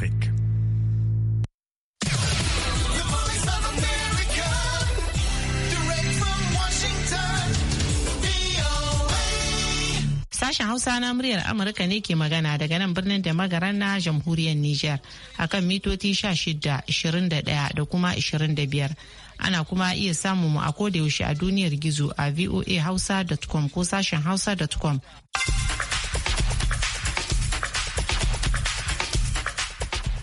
Afrique. Sashen Hausa na muryar Amurka ne ke magana daga nan birnin da magaran na jamhuriyar Nijar akan mitoti 16, 21 da kuma 25. ana kuma iya samun mu a yaushe a duniyar gizo a voahausa.com ko sashen hausa.com.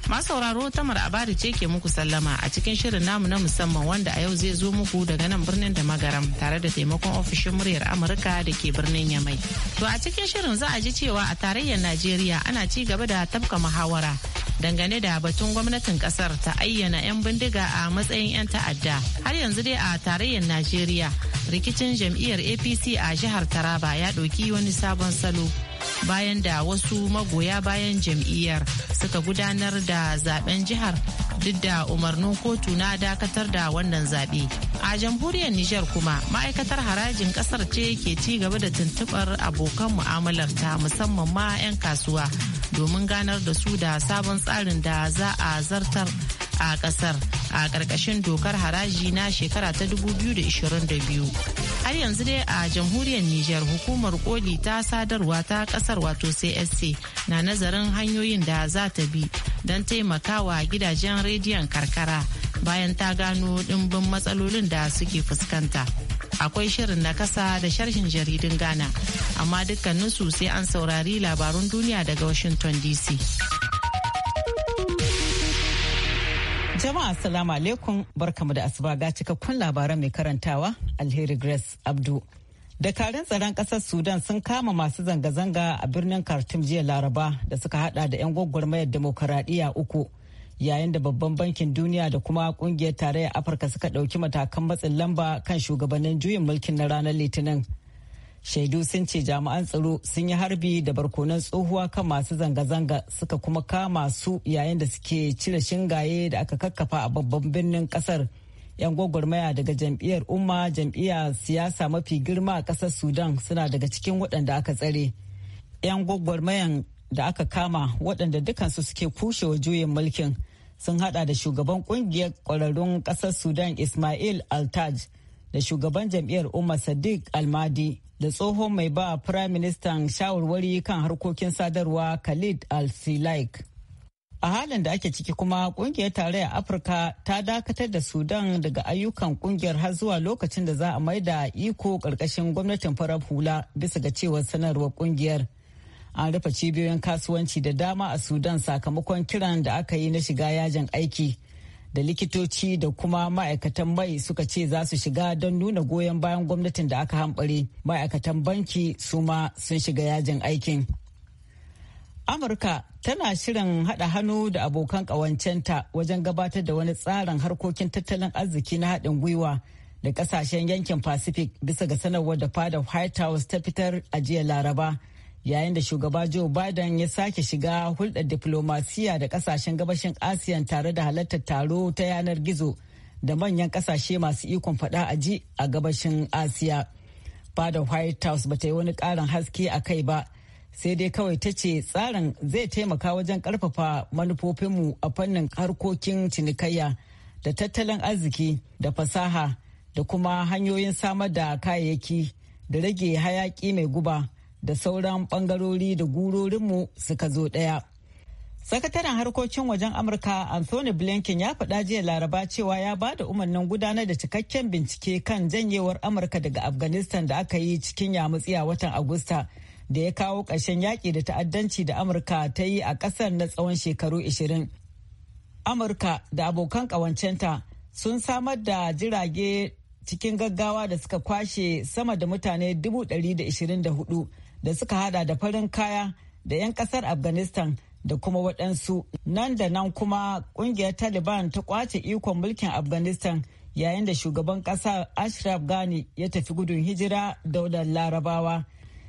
Masu sauraro Tamar Abari ce ke muku sallama a cikin shirin namu na musamman wanda a yau zai zo muku daga nan birnin da magaram tare da taimakon ofishin muryar Amurka da ke birnin Yamai. To a cikin shirin za a ji cewa a tarayyar Najeriya ana ci gaba da tafka muhawara dangane da batun gwamnatin kasar ta ayyana 'yan bindiga a matsayin 'yan ta'adda har yanzu dai a tarayyar najeriya rikicin jam'iyyar apc a jihar taraba ya ɗauki wani sabon salo bayan da wasu magoya bayan jam'iyyar suka gudanar da zaben jihar duk da umarnin kotu na dakatar da wannan zaɓe. A jamhuriyar Nijar kuma ma'aikatar harajin ƙasar ce ke ci gaba da tuntuɓar abokan mu'amalar ta musamman ma 'yan kasuwa domin ganar da su da sabon tsarin da za a zartar a ƙasar a ƙarƙashin dokar haraji na shekara ta 2022. har yanzu dai a jamhuriyar Nijar hukumar koli ta sadarwa ta kasar wato CSC na nazarin hanyoyin da za ta bi don taimakawa gidajen rediyon karkara bayan ta gano dimbin matsalolin da suke fuskanta. Akwai shirin na kasa da sharhin jaridun Ghana, amma dukkaninsu sai an saurari labarun duniya daga Washington DC. Jama'a salamu alaikum barkamu da asuba ga cikakkun labaran mai karantawa Alheri Grace Abdu. Dakarun tsaron ƙasar Sudan sun kama masu zanga-zanga a birnin Khartoum jiya Laraba da suka hada da 'yan gwagwarmayar demokaradiyya uku yayin da babban bankin duniya da kuma kungiyar tarayyar Afirka suka ɗauki matakan matsin lamba kan shugabannin juyin mulkin na ranar Litinin. shaidu sun ce jami'an tsaro sun yi harbi da barkonan tsohuwa kan masu zanga-zanga suka kuma kama su yayin da suke cire shingaye da aka kakkafa a babban birnin kasar yan gwagwarmaya daga jam'iyyar umma jam'iyyar siyasa mafi girma a kasar sudan suna daga cikin waɗanda aka tsare yan gwagwarmayan da aka kama waɗanda dukansu suke kushewa juyin mulkin sun hada da shugaban kungiyar kwararrun kasar sudan ismail altaj da shugaban jam'iyyar Umar Sadiq Almadi da tsohon mai ba Prime Minister shawarwari kan harkokin sadarwa Khalid Al-Silaik. A halin da ake ciki kuma kungiyar tarayyar Afirka ta dakatar da Sudan daga ayyukan kungiyar har zuwa lokacin da za a mai da iko ƙarƙashin gwamnatin farar hula bisa ga cewar sanarwar kungiyar. An rufe cibiyoyin kasuwanci da dama a Sudan sakamakon kiran da aka yi na shiga yajin aiki. da likitoci da kuma ma'aikatan mai suka ce za su shiga don nuna goyon bayan gwamnatin da aka hamɓare ma'aikatan banki su ma sun shiga yajin aikin amurka tana shirin haɗa hannu da abokan ƙawancenta wajen gabatar da wani tsarin harkokin tattalin arziki na haɗin gwiwa da ƙasashen yankin pacific bisa ga sanarwar da fadar white house ta fitar a jiya laraba yayin da shugaba joe biden ya sake shiga hulɗar diplomasiya da kasashen gabashin asiya tare da halartar taro ta yanar gizo da manyan kasashe masu ikon fada a ji a gabashin asiya fadar white house bata yi wani ƙarin haske a kai ba sai dai kawai ta ce tsarin zai taimaka wajen ƙarfafa manufofinmu a fannin harkokin cinikayya da tattalin arziki da fasaha da kuma hanyoyin samar da kayayyaki da rage hayaƙi mai guba. da sauran bangarori da gurorinmu suka zo ɗaya. Sakataren harkokin wajen Amurka Anthony Blinken ya faɗa jiya Laraba cewa ya ba da umarnin gudanar da cikakken bincike kan janyewar Amurka daga Afghanistan da aka yi cikin yamutsi a watan Agusta da ya kawo ƙarshen yaƙi da ta'addanci da Amurka ta yi a ƙasar na tsawon shekaru 20. Amurka da abokan ƙawancenta sun samar da jirage cikin gaggawa da suka kwashe sama da mutane 124 da suka hada da farin kaya da 'yan kasar afghanistan da kuma waɗansu nan da nan kuma ƙungiyar taliban ta kwace ikon mulkin afghanistan yayin da shugaban ƙasa ashraf ghani ya tafi gudun hijira da larabawa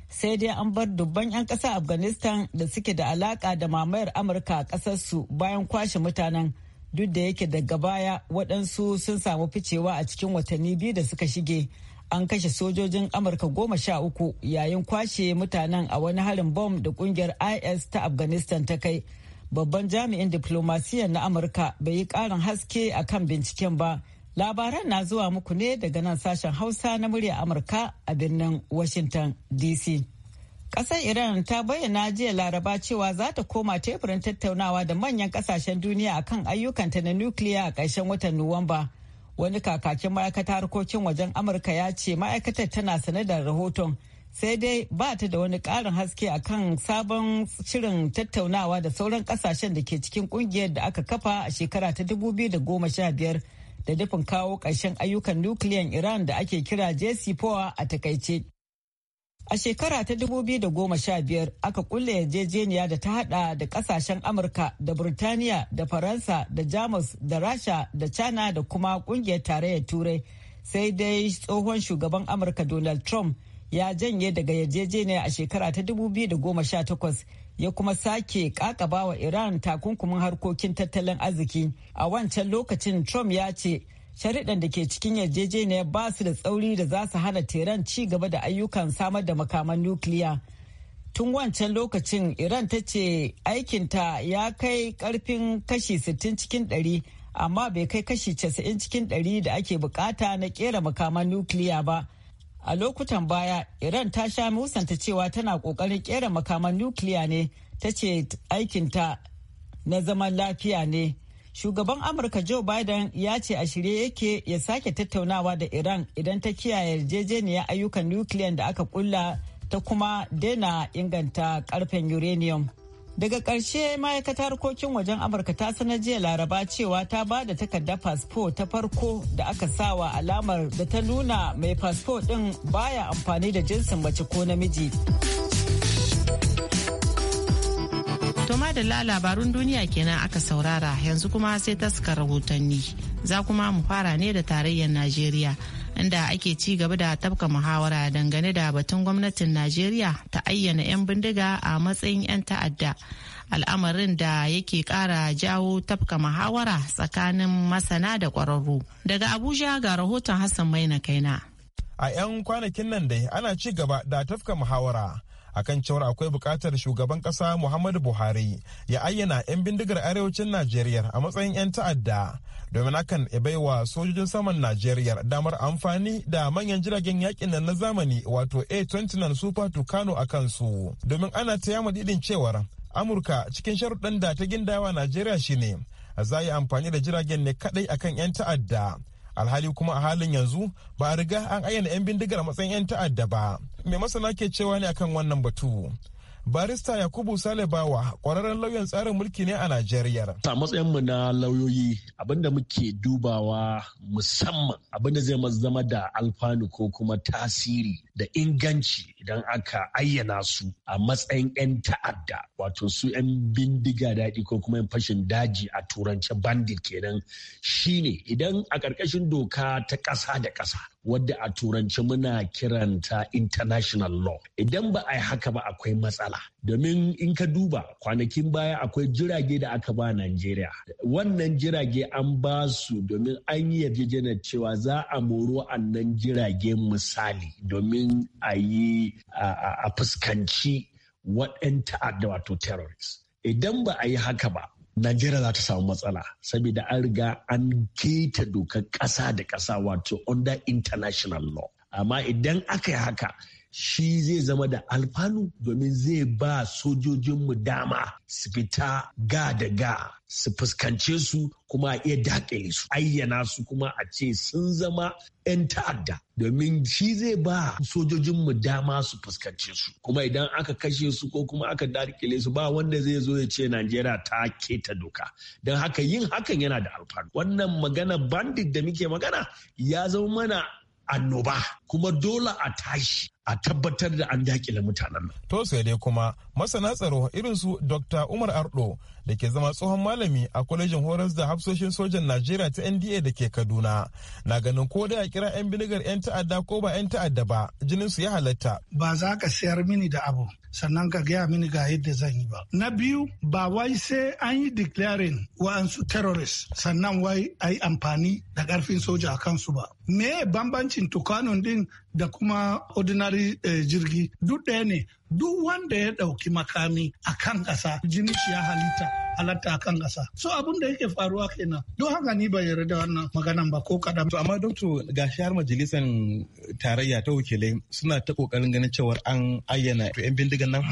sai dai an bar dubban 'yan ƙasar afghanistan da suke da alaƙa da mamayar amurka a ƙasarsu bayan kwashe mutanen duk da yake daga baya waɗansu sun samu ficewa a cikin watanni biyu da suka shige an kashe sojojin amurka goma sha uku yayin kwashe mutanen a wani harin bom da kungiyar is ta afghanistan ta kai babban jami'in diplomasiyyar na amurka bai yi karin haske a kan binciken ba labaran na zuwa muku ne daga nan sashen hausa na murya amurka a birnin washington dc Ƙasar Iran ta bayyana jiya laraba cewa za ta koma teburin tattaunawa da manyan ƙasashen duniya akan ayyukanta na nukiliya a ƙarshen watan Nuwamba. wani kakakin ma'aikata harkokin wajen amurka ya ce ma'aikatar tana sane da rahoton sai dai ba ta da wani karin haske a kan sabon shirin tattaunawa da sauran kasashen da ke cikin kungiyar da aka kafa a shekara ta 2015 da dafin kawo ƙarshen ayyukan nukiliyan iran da ake kira jcpoa a takaice A shekara ta 2015 aka kulle yarjejeniya da ta hada da kasashen Amurka da Burtaniya da Faransa da Jamus da Rasha da China da kuma kungiyar tarayyar Turai. Sai dai tsohon shugaban Amurka Donald Trump ya janye daga yarjejeniya a shekara ta 2018 ya kuma sake kakabawa Iran takunkumin harkokin tattalin arziki. A wancan lokacin Trump ya ce sharidan da ke cikin yarjejeniyar ba su da tsauri da za su hana teran ci gaba da ayyukan samar da makaman nukiliya tun wancan lokacin iran ta ce aikinta ya kai karfin kashi 60 cikin 100 amma bai kai kashi 90 cikin 100 da ake bukata na kera makaman nukiliya ba a lokutan baya iran ta sha musanta cewa tana kokarin kera makaman nukiliya ne ta ce aikinta na zaman lafiya ne shugaban amurka joe biden ya ce a shirye yake ya sake tattaunawa da iran idan ta kiyaye yarjejeniyar ayyukan nukiliyan da aka kulla ta kuma daina inganta karfen uranium daga ƙarshe ma'aikatar harkokin wajen amurka ta sanar jiya laraba cewa ta ba da takardar fasfo ta farko da aka sawa alamar da ta nuna mai fasfo ɗin baya amfani da jinsin mace ko namiji. To madalla labarun duniya kenan aka saurara yanzu kuma sai taskar rahotanni. Za kuma mu fara ne da tarayyar Najeriya inda ake ci gaba da tafka muhawara dangane da batun gwamnatin Najeriya ta ayyana 'yan bindiga a matsayin 'yan ta'adda. Al'amarin da yake kara jawo tafka muhawara tsakanin masana da kwararru. Daga Abuja ga rahoton Hassan Maina kaina. A 'yan kwanakin nan dai ana ci gaba da tafka muhawara. akan cewar akwai bukatar shugaban kasa muhammadu buhari ya ayyana 'yan bindigar arewacin najeriya a matsayin 'yan ta'adda domin hakan ya bai wa sojojin saman najeriya damar amfani da manyan jiragen yakin nan na zamani wato a29 super tucano a kansu domin ana ta madidin cewar amurka cikin sharuɗan da ta gindawa najeriya shine za yi amfani da jiragen ne kadai akan 'yan ta'adda alhali kuma a halin yanzu ba a riga an ayyana 'yan bindigar matsayin 'yan ta'adda ba me masana ke cewa ne akan wannan batu barista yakubu salebawa kwararren lauyan tsarin mulki ne a najeriya a matsayinmu na lauyoyi abinda muke dubawa musamman abinda zai zama da alfanu ko kuma tasiri da inganci idan aka ayyana su a matsayin 'yan ta'adda wato su 'yan bindiga daɗi ko kuma 'yan fashin daji a turance bandit kenan shine idan a ƙarƙashin doka ta ƙasa da ƙasa wadda a turanci muna kiranta international law idan ba a yi haka ba akwai matsala domin in ka duba kwanakin baya akwai jirage da aka ba Najeriya wannan jirage an ba su domin an yi cewa za a moro annan jirage misali domin a yi a fuskanci waɗanta ta'adda wato terrorists idan ba a yi haka ba Najeriya za ta samu matsala saboda an riga an keta dokar ƙasa da ƙasa wato under international law. Amma idan aka yi haka shi zai zama da alfanu domin zai ba sojojinmu dama su fita ga da ga su fuskance su kuma a iya dakile su ayyana su kuma a ce sun zama 'yan ta'adda domin shi zai ba sojojinmu dama su fuskance su kuma idan aka kashe su ko kuma aka dakile su ba wanda zai zo ya ce najeriya ta keta doka don haka yin hakan yana da alfanu wannan magana bandit da muke magana ya zama mana annoba kuma dole a tashi a tabbatar da an dakile mutanen nan. To sai dai kuma masana tsaro irin su Dr. Umar Ardo da ke zama tsohon malami a kwalejin horas da hafsoshin sojan Najeriya ta NDA da ke Kaduna na ganin ko da a kira 'yan binigar 'yan ta'adda ko ba 'yan ta'adda ba jinin su ya halatta. Ba za ka sayar mini da abu sannan ka gaya mini ga yadda zan yi ba. Na biyu ba wai sai an yi declaring wa'ansu terrorist sannan wai a yi amfani da karfin soja a kansu ba. Me bambancin tukanon din da kuma ordinary Eh, jirgi duk ɗaya ne duk wanda ya ɗauki makami a kan ƙasa jini shi ya halitta halatta kan ƙasa. So abin da yake faruwa kenan. Don haka ni bai yarda wannan maganan ba ko kaɗan. To amma dokto ga shahar majalisar tarayya ta wakilai suna ta ƙoƙarin ganin cewar an ayyana 'yan bindigan nan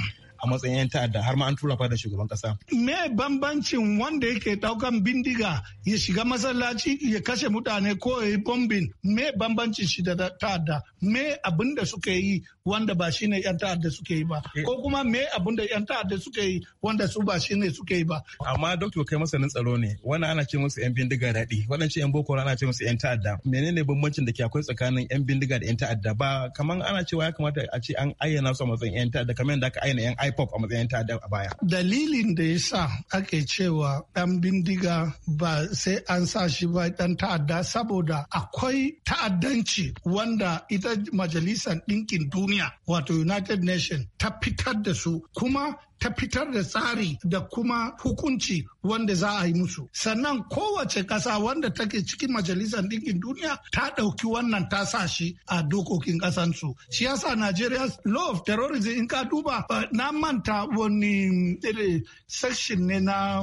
a matsayin 'yan ta'adda har ma an tura fa da shugaban kasa. Me bambancin wanda yake daukan bindiga ya shiga masallaci ya kashe mutane ko ya yi bombin me bambancin shi da ta'adda me abin da suka yi wanda ba shi ne 'yan ta'adda suke yi ba eh. ko kuma me abin da 'yan ta'adda suke yi wanda su ba shi ne suke yi ba. amma doktor kai masanin tsaro ne wannan ana ce musu 'yan bindiga daɗi wannan 'yan boko ana ce musu 'yan ta'adda menene bambancin da ke akwai tsakanin 'yan bindiga da 'yan ta'adda ba kaman ana cewa ya kamata a ce an ayyana su a matsayin 'yan ta'adda kamar yadda aka ayyana 'yan ipop a matsayin 'yan ta'adda a baya. dalilin da ya sa ake cewa ɗan bindiga ba sai an sa shi ba ɗan ta'adda saboda akwai ta'addanci wanda ita majalisar ɗinkin duniya duniya wato united nation ta fitar da su kuma ta fitar da tsari da kuma hukunci wanda za a yi musu sannan kowace ƙasa wanda take cikin majalisar ɗinkin duniya ta ɗauki wannan ta sa shi a dokokin ƙasansu shi yasa Najeriya law of terrorism in ka duba na manta wani eh, section ne eh, na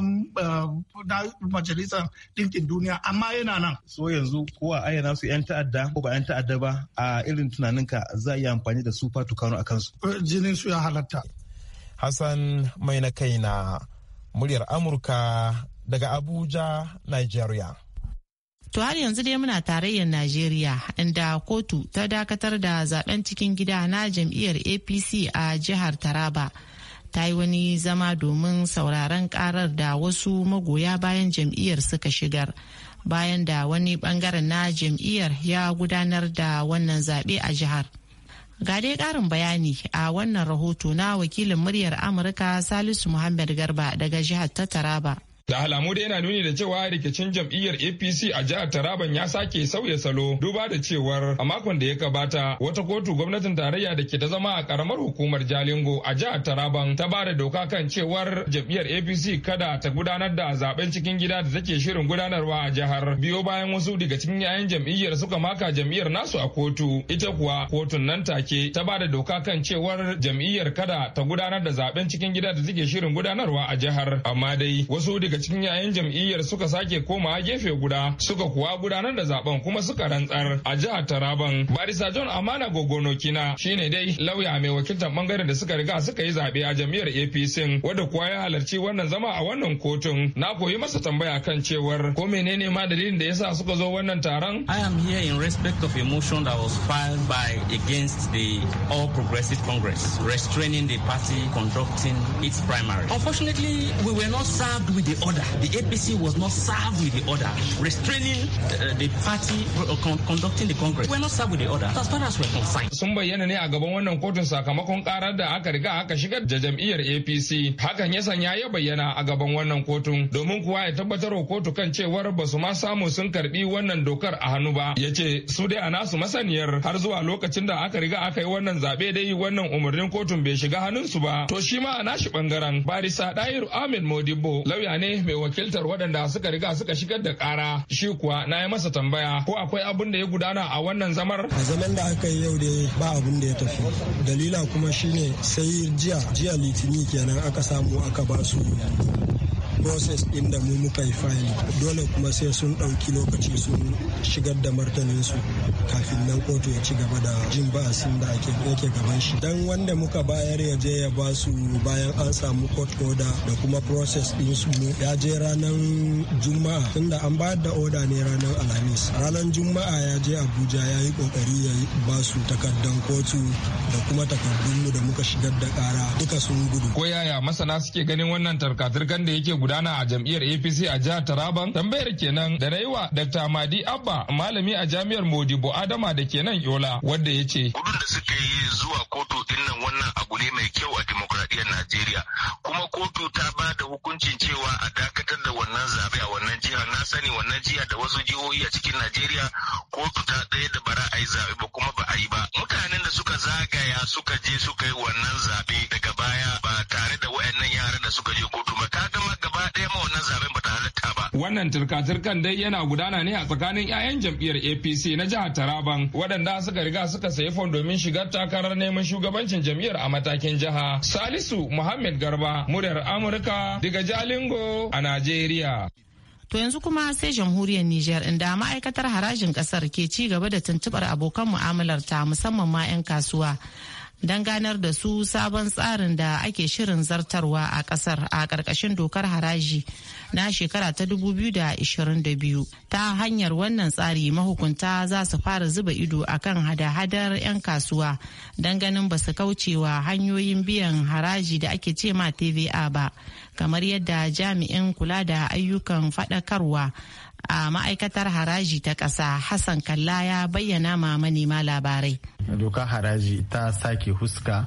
majalisar ɗinkin duniya amma yana nan so yanzu kowa a su 'yan ta'adda ko ba 'yan ta'adda ba a irin tunaninka za a yi amfani da su fatu kano a kansu eh, jinin su ya halatta Hassan mai na kai na muryar Amurka daga Abuja, Nigeria. To har yanzu dai muna tarayyar Najeriya inda kotu ta dakatar da zaben cikin gida na jam'iyyar APC a jihar Taraba. Ta yi wani zama domin sauraron karar da wasu magoya bayan jam'iyyar suka shigar. Bayan da wani bangaren na jam'iyyar ya gudanar da wannan zaɓe a jihar. Ga dai ƙarin bayani a wannan rahoto na wakilin muryar Amurka Salisu Muhammad Garba daga jihar ta Taraba. Da alamu da yana nuni da cewa rikicin jam'iyyar APC a jihar Taraban ya sake sauya salo duba da cewar a makon da ya gabata wata kotu gwamnatin tarayya da ke ta zama a karamar hukumar Jalingo a jihar Taraban ta ba da doka kan cewar jam'iyyar APC kada ta gudanar da zaben cikin gida da take shirin gudanarwa a jihar biyo bayan wasu daga cikin yayan jam'iyyar suka maka jam'iyyar nasu a kotu ita kuwa kotun nan take ta ba da doka kan cewar jam'iyyar kada ta gudanar da zaben cikin gida da take shirin gudanarwa a jihar amma dai wasu daga daga cikin yayan jam'iyyar suka sake gefe guda suka kuwa gudanar da zaben kuma suka rantsar a jihar Taraban. Barisa John Amana Gogono Kina shine dai lauya mai wakiltar bangaren da suka riga suka yi zabe a jam'iyyar APC kuwa ya halarci wannan zama a wannan kotun. Na koyi masa tambaya kan cewar ko menene ma dalilin da yasa suka zo wannan taron? I am here in respect of a motion that was filed by against the All Progressive Congress restraining the party conducting its primary. Unfortunately, we were not served with the order. The APC was not served with the order restraining uh, the party uh, con conducting the Congress. We're not served with the order as far as we're concerned. Sun bayyana ne a gaban wannan kotun sakamakon karar da aka riga aka shiga da jam'iyyar APC. Hakan ya sanya ya bayyana a gaban wannan kotun domin kuwa ya tabbatar wa kotu kan cewar ba su ma samu sun karbi wannan dokar a hannu ba. Ya ce su dai a nasu masaniyar har zuwa lokacin da aka riga aka yi wannan zaɓe dai wannan umarnin kotun bai shiga hannun su ba. To shi ma a nashi bangaren barisa Dayiru Ahmed Modibo lauya ne mai wakiltar waɗanda suka riga suka shigar da ƙara shi kuwa na yi masa tambaya ko akwai abin da ya gudana a wannan zamar. A zaman da aka yi yau dai ba abin da ya tafi. Dalila kuma shine sai jiya jiya litini kenan aka samu aka ba su process ɗin da mu muka yi fayil dole kuma sai sun ɗauki lokaci sun shigar da martaninsu kafin nan kotu ya ci gaba da jin ba'asin da yake gaban shi dan wanda muka bayar ya je ya ba su bayan an samu court order da kuma process ɗin su ya je ranar juma'a tunda an bayar da order ne ranar alhamis ranar juma'a ya je abuja ya yi kokari ya ba su takardan kotu da kuma takardunmu da muka shigar da kara duka sun gudu ko yaya masana suke ganin wannan tarkatarkan da yake guda gudana a jam'iyyar apc a jihar taraban tambayar kenan da na yi wa dr madi abba malami a jami'ar modibo adama da kenan nan yola wanda ya ce gudun da suka yi zuwa kotu dinnan wannan abu ne mai kyau a dimokuraɗiyyar najeriya kuma kotu ta ba da hukuncin cewa a dakatar da wannan zaɓe a wannan jiha na sani wannan jiha da wasu jihohi a cikin najeriya kotu ta ɗaya da bara a yi zaɓe ba kuma ba a yi ba mutanen da suka zagaya suka je suka yi wannan zaɓe daga baya ba tare da wayannan yaran da suka je kotu ba ta gaba ɗaya wannan zaben ba ta halatta ba. Wannan turka-turkan dai yana gudana ne a tsakanin 'ya'yan jam'iyyar APC na jihar Taraban waɗanda suka riga suka sayi fon domin shigar takarar neman shugabancin jam'iyyar a matakin jiha. Salisu Muhammad Garba, muryar Amurka daga Jalingo a Najeriya. To yanzu kuma sai jamhuriyar Nijar inda ma'aikatar harajin kasar ke ci gaba da tuntubar abokan mu'amalar ta musamman ma 'yan kasuwa don ganar da su sabon tsarin da ake shirin zartarwa a kasar a ƙarƙashin dokar haraji na shekara ta 2022 ta hanyar wannan tsari mahukunta za su fara zuba ido a kan hada-hadar 'yan kasuwa don ganin ba su kaucewa hanyoyin biyan haraji da ake ce ma tva ba kamar yadda jami'in kula da ayyukan faɗakarwa a ma'aikatar haraji ta ƙasa hassan kalla ya bayyana ma manema labarai doka haraji ta sake huska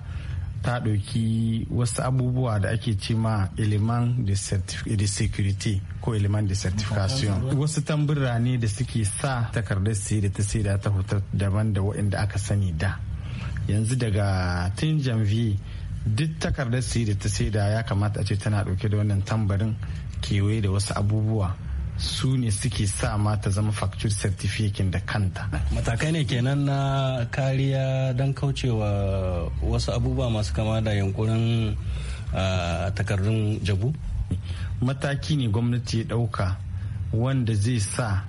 ta ɗauki wasu abubuwa da ake ce ma eleman de security ko eleman da certification wasu tambura ne da suke sa takardar sai da ta sai da ta hutar daban da waɗanda aka sani da yanzu daga tun janvier duk takardar sai da ta sai da ya kamata a ce tana ɗauke da wannan tambarin kewaye da wasu abubuwa su ne suke sa ma ta zama facture certificate da kanta matakai ne kenan na kariya don kaucewa wasu abubuwa masu kama da yankunan takardun jabu mataki ne gwamnati ya ɗauka wanda zai sa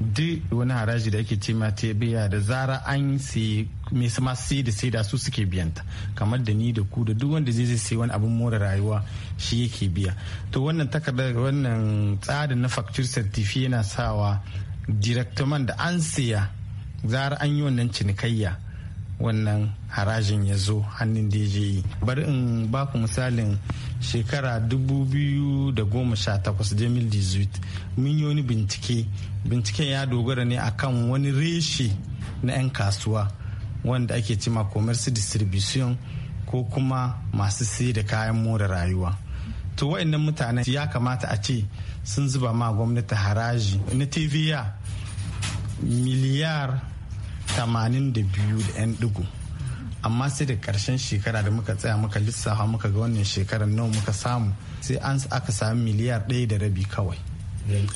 duk wani haraji da ake ce ta biya da zara an me mai sama sai da sai da su suke biyanta kamar da ni da ku da duk wanda zai sai wani abin more rayuwa shi yake biya to wannan takardar wannan tsarin na facture certificate yana sawa man da an siya zara an yi wannan cinikayya wannan harajin ya zo hannun da ya yi bari in baku misalin shekara 2018 2018 mun yi wani bincike binciken ya dogara ne akan wani reshe na 'yan kasuwa wanda ake cima commerce distribution ko kuma masu sai da kayan more rayuwa to wa'annan mutanen ya kamata a ce sun zuba ma gwamnati haraji na tva miliyar 82 da 'yan amma sai da karshen shekara da muka tsaya muka lissafa muka ga wannan shekarar nawa muka samu sai an aka samu miliyar ɗaya da rabi kawai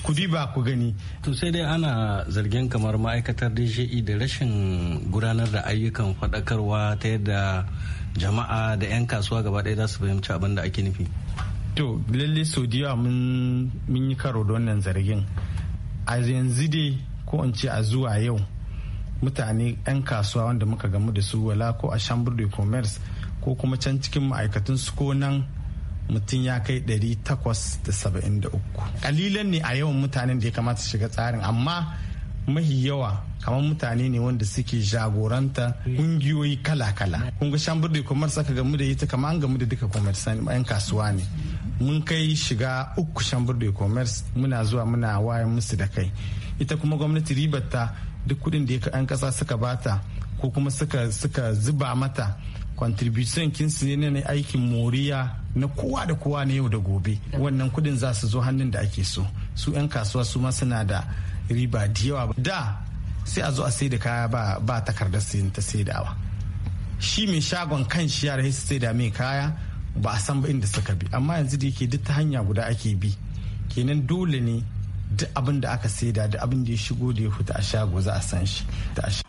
kudi ba ku gani to sai dai ana zargin kamar ma'aikatar dji e da rashin gudanar da ayyukan faɗakarwa ta yadda jama'a da 'yan kasuwa gaba ɗaya za su fahimci abin da ake nufi to lalle sau da yawa mun yi karo da wannan zargin a yanzu dai ko in ce a zuwa yau mutane 'yan kasuwa wanda muka gamu da su wala ko a chambre de commerce ko kuma can cikin ma'aikatun su ko nan mutum ya kai 873 kalilan ne a yawan mutanen da ya kamata shiga tsarin amma mahi yawa kamar mutane ne wanda suke jagoranta kungiyoyi kala-kala Kunga ga de commerce aka gamu da ita kamar an gamu da duka commerce 'yan kasuwa ne mun kai shiga uku chambre de commerce muna zuwa muna wayan musu da kai ita kuma gwamnati ribar ta duk kudin da ya yan kasa suka bata ko kuma suka suka zuba mata contribution kinsu ne na aikin moriya na kowa da kowa na yau da gobe wannan kudin za su zo hannun da ake so su 'yan kasuwa su ma suna da riba da yawa da sai a zo a sai da kaya ba, ba takardar sayin ta saidawa shi mai shagon kan shi yara su saida mai kaya ba a san ba inda suka bi amma yanzu da yake duk ta hanya guda ake bi kenan dole ne duk abin da aka saida da abin da ya shigo da ya fita a shago za a san shi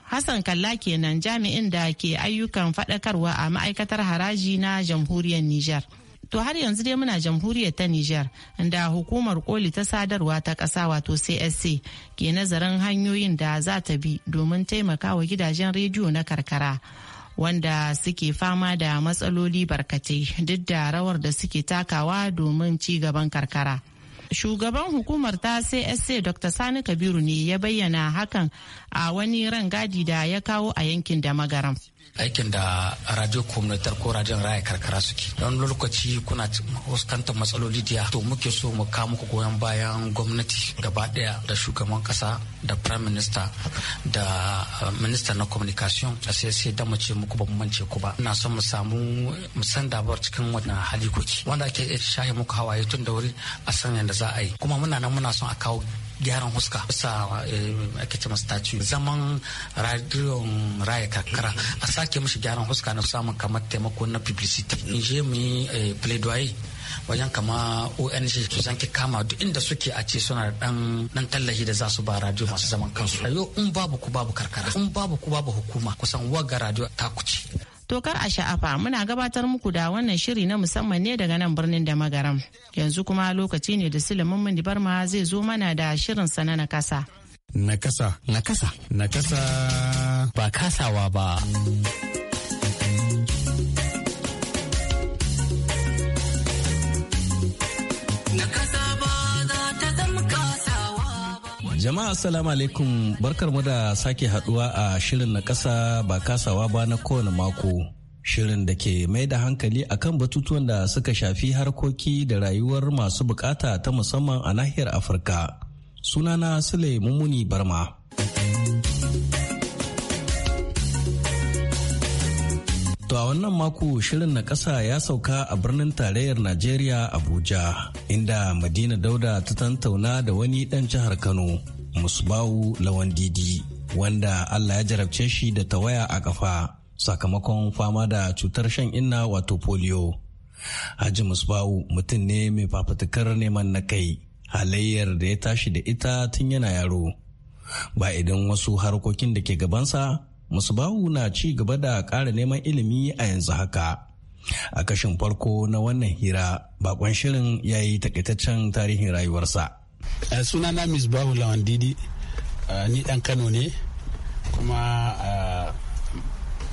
Hassan Kalla kenan jami'in da ke ayyukan faɗakarwa a ma'aikatar haraji na jamhuriyar Nijar. To har yanzu dai muna jamhuriyar ta Nijar da hukumar koli ta sadarwa ta ƙasa wato CSC ke nazarin hanyoyin da za ta bi domin taimakawa gidajen rediyo na karkara. Wanda suke fama da matsaloli barkatai duk da rawar da suke takawa domin ci gaban karkara. Shugaban hukumar ta CSA Dr. Sani Kabiru ne ya bayyana hakan a wani rangadi da ya kawo a yankin da magaram. aikin da radio communitar ko radion raya karkara suke don lokaci kuna fuskantar matsaloli da to muke so mu kawo muku goyon bayan gwamnati gaba daya da shugaban kasa da prime minister da eh, minister na communication a sai sai da mace muku ba mance ku ba ina son mu samu mu san dabar cikin wannan hali kuke wanda ake shahi muku hawaye tun da wuri a san yadda za a yi kuma muna nan muna son a kawo gyaran huska sa eh, ake ce statue zaman radiyon raya karkara a sake mishi gyaran huska na samun kamar taimako na publicity in je mu yi eh, plaidoyer wajen kama ong su zanki kama duk inda suke a ce suna ɗan. dan tallahi da za su ba radio masu zaman kansu yau in babu ku babu karkara in babu ku babu hukuma kusan waga radio ta kuce To kar a sha'afa muna gabatar muku da wannan shiri na musamman ne daga nan birnin da magaram. Yanzu kuma lokaci ne da silimin Mundi Barma zai zo mana da shirin sana na kasa. Na kasa. Na kasa. Na kasa. Ba kasawa ba. Na kasa. Jama'a assalamu alaikum mu da sake haduwa a shirin na kasa ba kasawa ba na kowane mako. Shirin da ke mai da hankali akan batutuwan da suka shafi harkoki da rayuwar masu bukata ta musamman a nahiyar Afirka. Sunana Sule Mummuni Barma. To a wannan mako shirin na kasa ya sauka a birnin tarayyar Najeriya Abuja, inda Madina Dauda ta tantauna da wani dan jihar Kano musbahu lawan didi wanda allah ya jarabce shi da tawaya a kafa sakamakon fama da cutar shan inna wato polio haji musbahu mutum ne mai fafutukar neman na kai halayyar da ya tashi da ita tun yana yaro ba idan wasu harkokin da ke gabansa musbahu na ci gaba da ƙara neman ilimi a yanzu haka a kashin farko na wannan hira bakon shirin ya yi takaitaccen tarihin rayuwarsa Uh, sunana misbahu lawan didi eh, ni dan kano ne kuma uh,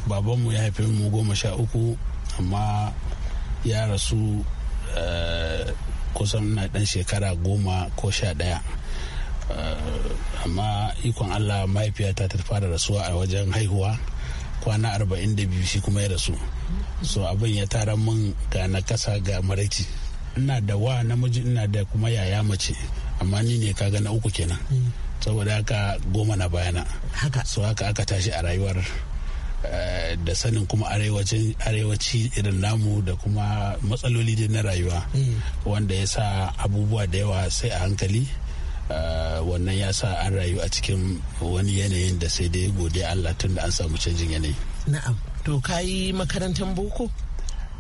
babanmu ya haife mu goma sha uku amma ya rasu kusan na dan shekara goma ko sha daya amma ikon allah mahaifiyata ta fara rasuwa a wajen haihuwa kwana arba'in 42 shi kuma ya rasu so abin ya tara mun ga na kasa ga maraici ina da wa namiji ina da kuma yaya mace amma ni ne kaga na uku kenan mm. saboda haka goma na bayana haka so haka aka tashi a rayuwar eh, da sanin kuma arewaci irin namu da kuma matsaloli da na rayuwa mm. wanda ya sa abubuwa da yawa sai a hankali eh, wannan ya sa an rayu a cikin wani yanayin da sai dai gode Allah tun da an samu canjin yanayi na'am to ka yi makarantar boko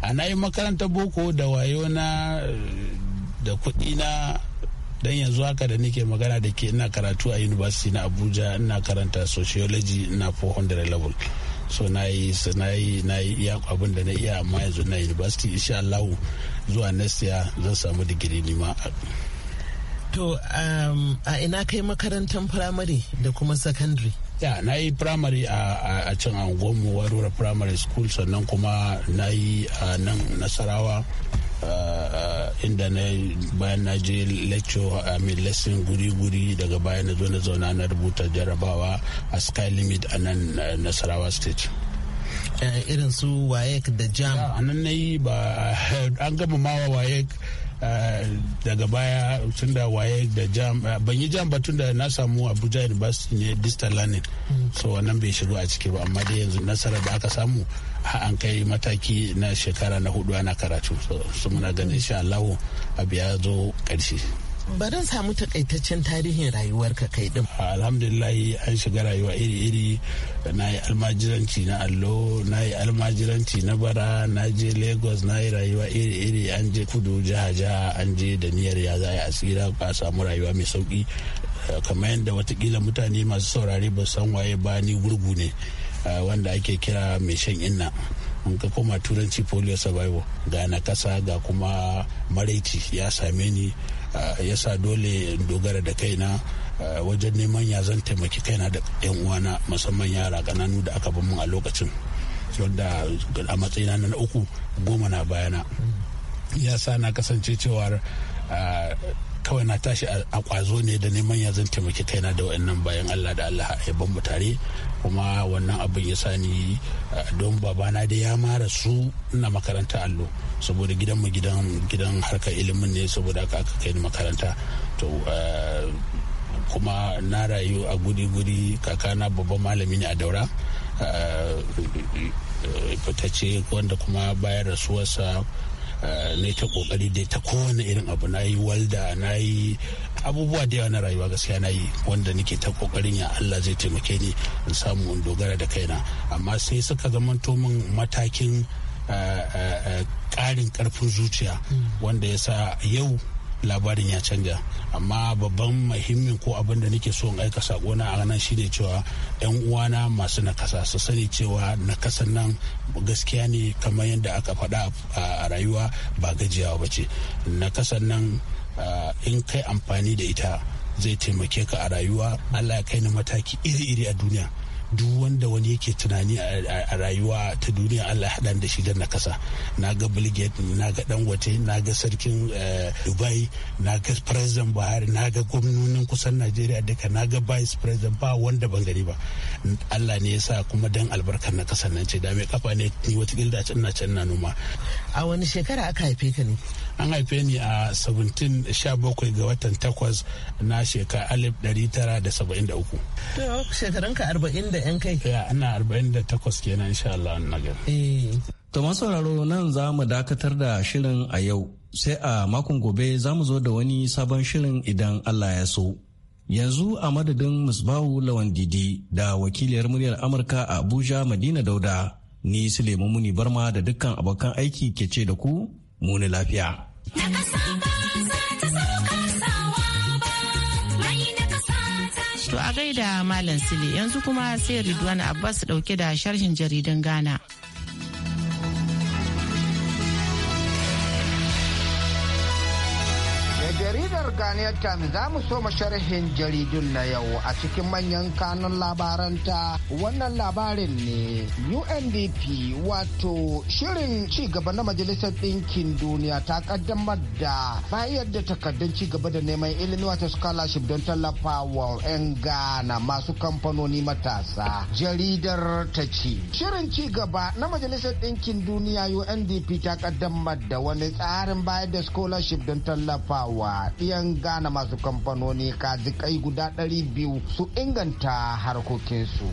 a na makarantar boko da wayo na da kuɗi na dan yanzu haka da nake magana da ke ina karatu a university na abuja ina karanta sociology ina 400 level so na yi na iya abin da na iya amma yanzu na university insha Allah zuwa next year zan samu digiri nima to um, a ina kai makarantar firamare da kuma secondary ya na yi primary a can anguwanmu warura primary school sannan kuma na yi a nan nasarawa inda na bayan na je lecture a mai lesson guri-guri daga bayan na zo na zauna na rubuta jarabawa a sky limit a nan nasarawa state eh, irin su wayek da jam a nan na yi ba an gama mawa wayek Eh, daga baya tun da waye da jam eh, ban yi jam ba tun da na samu abuja university ne distal learning so wannan bai shigo a ciki ba amma dai yanzu nasarar da aka samu an kai mataki na shekara na hudu ana karatu so muna ganin shi allahu abu ya zo karshe bari samu takaitaccen tarihin rayuwarka kai din alhamdulillah an shiga rayuwa iri-iri na yi almajiranci na allo na yi almajiranci na bara na je lagos na yi rayuwa iri-iri an je kudu jiha-jiha an je da niyar ya za a asira ba samu rayuwa mai sauki kamar yadda watakila mutane masu saurare ba san waye ba ni gurgu ne wanda ake kira mai shan inna in ka koma turanci polio survival ga na kasa ga kuma maraici ya same ni Ah, ya sa dole dogara da kaina ah, wajen neman ya zan taimaki kaina da 'yan uwana musamman yara ƙananu da aka bin mu a lokacin wanda a matsayina na uku goma na bayana ya sa na kasance cewar ah, kawai na tashi a kwazo ne da neman zan taimaki kaina da wannan bayan Allah da Allah ya mu tare kuma wannan abin ya sani don babana da ya mara su na makaranta allo saboda gidanmu gidan gidan harkar ilimin ne saboda aka aka kai makaranta to kuma na rayu a guri-guri kakana babban malami ne a daura fitacce wanda kuma bayan rasuwarsa Eh, na ta kokari dai ta kowane irin abu na yi walda na yi abubuwa da yawa na rayuwa gaskiya na yi wanda nake ta kokarin ya Allah zai taimake ni in samu in dogara da kaina amma sai suka zamanto min matakin eh, eh, ƙarin ƙarfin zuciya hmm. wanda ya sa yau labarin ya canja amma babban muhimmin ko abin da nake so in aika sako na a nan shine cewa yan uwana masu nakasa su sani cewa nakasan nan gaskiya ne kamar yadda aka faɗa a rayuwa ba gajiyawa ba ce nakasan nan in kai amfani da ita zai taimake ka a rayuwa allah ya kai ni mataki iri-iri a duniya duk wanda wani yake tunani a rayuwa ta duniya allah haɗa da shi da na kasa na ga bilgate na ga dangote na ga sarkin eh, dubai na ga president buhari na ga gwamnonin kusan najeriya duka na ga vice president ba wanda ban gani ba allah ne yasa kuma dan albarkar na kasa nan ce da mai kafa ne ni wata gilda can na can na noma a wani shekara aka haife ka ne an haife ni a 17 ga watan takwas na shekara 1973 to shekarunka 40 da yan kai ya ana 48 kenan insha Allah na gari eh. to masauraro nan za mu dakatar da shirin a yau sai a makon gobe za mu zo da wani sabon shirin idan Allah ya so yanzu a madadin musbahu lawan didi da wakiliyar muryar amurka a abuja madina dauda ni sulaiman muni barma da dukkan abokan aiki ke ce da ku muni lafiya. To a gaida Malam Sile yanzu kuma sai Ridwan Abbas dauke da sharhin jaridan Ghana. jaridar Ghanaian Tami za mu so sharhin jaridun na yau a cikin manyan kanun labaranta wannan labarin ne UNDP wato shirin cigaba na Majalisar Ɗinkin Duniya ta kaddamar da bayar da takardun cigaba da neman ilimi wata scholarship don tallafawa 'yan Ghana masu kamfanoni matasa. Jaridar ta ce, shirin cigaba na Majalisar Ɗinkin Duniya UNDP ta kaddamar da wani tsarin bayar da scholarship don tallafawa miliyan Ghana masu kamfanoni kazikai guda 200 su inganta harkokinsu.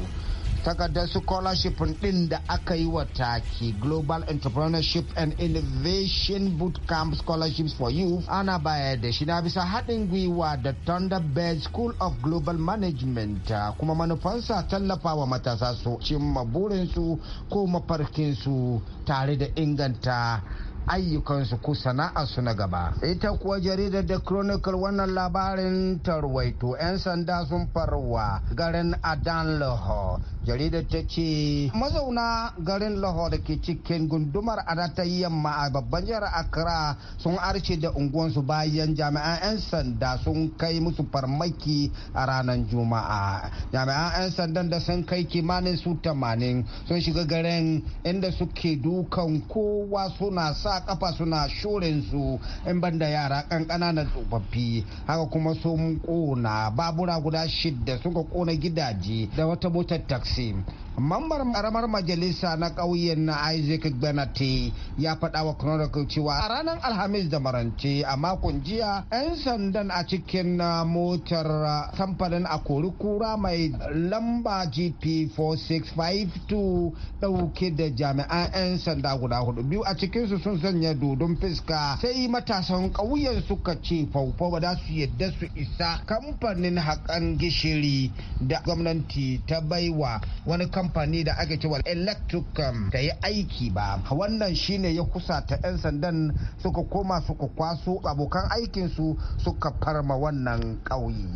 takardar scholarship din da aka yi wa taki global entrepreneurship and innovation bootcamp scholarships for youth ana bayar da shi na bisa haɗin gwiwa da thunderbird school of global management ah, kuma manufansa tallafa wa matasa su cimma burinsu ko mafarkinsu tare da inganta ayyukansu ko sana'arsu na gaba. Ita kuwa jaridar da Chronicle wannan labarin tarwaito 'yan sanda sun farwa garin Adan Lahore jaridar ta ce mazauna garin lahore ke cikin gundumar ta yamma a babban jihar accra sun arce da unguwansu bayan jami'an 'yan sanda sun kai musu farmaki a ranar juma'a jami'an 'yan sandan da sun kai kimanin su tamanin sun shiga garin inda suke dukan kowa suna sa kafa suna shurin su in banda yara kankana na tsofaffi haka kuma sun kona babura guda shidda suka kona gidaje da wata motar taxi seem mambar karamar majalisa na ƙauyen na isaac gbanate ya faɗa wa chronicle cewa a ranar alhamis da marance a makon jiya 'yan sandan a cikin uh, motar uh, samfanin a kura mai lamba gp 4652 ɗauke da jami'an 'yan sanda guda hudu biyu a cikinsu sun sanya dodon fiska sai matasan ƙauyen suka ce ba da su yadda su isa kamfanin haƙan gishiri da gwamnati ta baiwa wani kamfani da aka cewa electric um, ta yi aiki ba wannan shine ya kusa ta 'yan sandan suka koma suka kwaso abokan aikinsu suka farma wannan ƙauye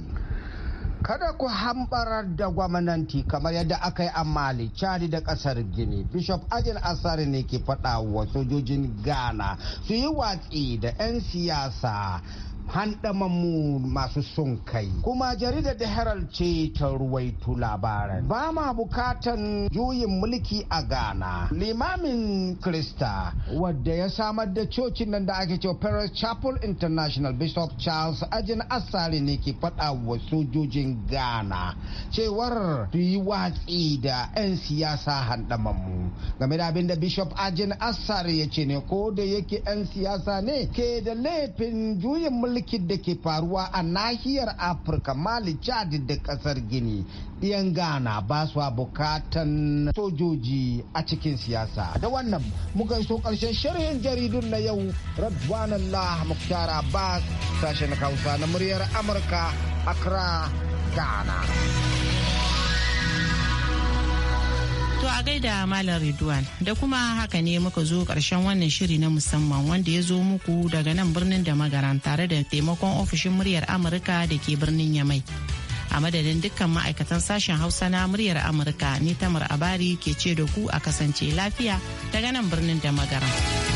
kada ku hambarar da gwamnati kamar yadda aka yi amali cari da kasar gini bishop ajin asari ne ke faɗa wa sojojin ghana su yi watsi da 'yan siyasa mu masu sun kai kuma jaridar da herald ce ta ruwaito labaran ba ma bukatan juyin mulki a ghana limamin krista wadda ya samar da cocin nan da ake cewa paris chapel international bishop charles ajin asali ne ke faɗawa wa sojojin ghana cewar yi watsi da 'yan siyasa handamanmu game da abin bishop ajin assar ya ce ne ko da yake 'yan siyasa ne ke da laifin juyin mulki da ke faruwa a nahiyar afirka mali chad da kasar gini yan ghana ba su bukatan sojoji a cikin siyasa da wannan muka iso karshen shirin jaridun na yau radwanallah muktar ba sashen hausa na muryar amurka accra ghana To a gaida Malam Ridwan da kuma haka ne muka zo karshen wannan shiri na musamman wanda ya zo muku daga nan birnin da magaran tare da taimakon ofishin muryar Amurka da ke birnin Yamai. A madadin dukkan ma'aikatan sashen Hausa na muryar Amurka ni Tamar Abari ke ce da ku a kasance lafiya daga nan birnin da magaran.